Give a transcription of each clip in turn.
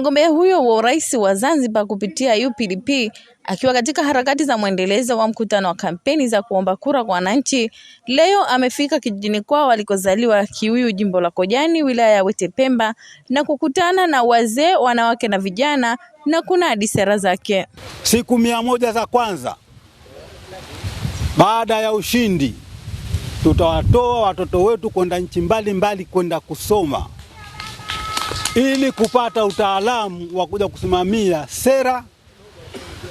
Mgombea huyo wa urais wa Zanzibar kupitia UPDP akiwa katika harakati za mwendelezo wa mkutano wa kampeni za kuomba kura kwa wananchi, leo amefika kijijini kwao alikozaliwa Kiuyu, jimbo la Kojani, wilaya ya Wete Pemba, na kukutana na wazee, wanawake na vijana na kunadi sera zake. Siku mia moja za kwanza baada ya ushindi, tutawatoa watoto wetu kwenda nchi mbalimbali kwenda kusoma ili kupata utaalamu wa kuja kusimamia sera,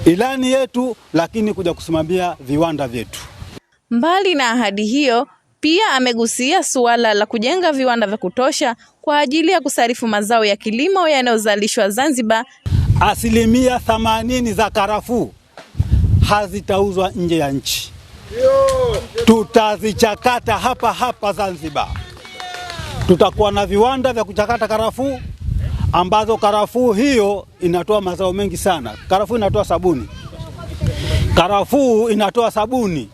ilani yetu, lakini kuja kusimamia viwanda vyetu. Mbali na ahadi hiyo, pia amegusia suala la kujenga viwanda vya kutosha kwa ajili ya kusarifu mazao ya kilimo yanayozalishwa Zanzibar. Asilimia themanini za karafuu hazitauzwa nje ya nchi, tutazichakata hapa hapa Zanzibar. Tutakuwa na viwanda vya kuchakata karafuu ambazo karafuu hiyo inatoa mazao mengi sana. Karafuu inatoa sabuni, karafuu inatoa sabuni,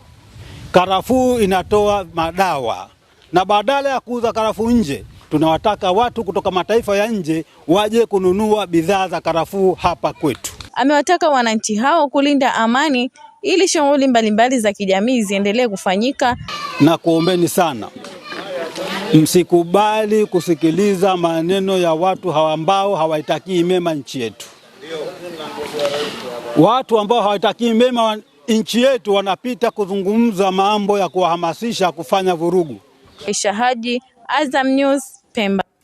karafuu inatoa madawa, na badala ya kuuza karafuu nje, tunawataka watu kutoka mataifa ya nje waje kununua bidhaa za karafuu hapa kwetu. Amewataka wananchi hao kulinda amani ili shughuli mbalimbali za kijamii ziendelee kufanyika, na kuombeni sana Msikubali kusikiliza maneno ya watu ambao hawaitakii mema nchi yetu. Watu ambao hawaitakii mema nchi yetu wanapita kuzungumza mambo ya kuwahamasisha kufanya vurugu. Isha Haji, Azam News, Pemba.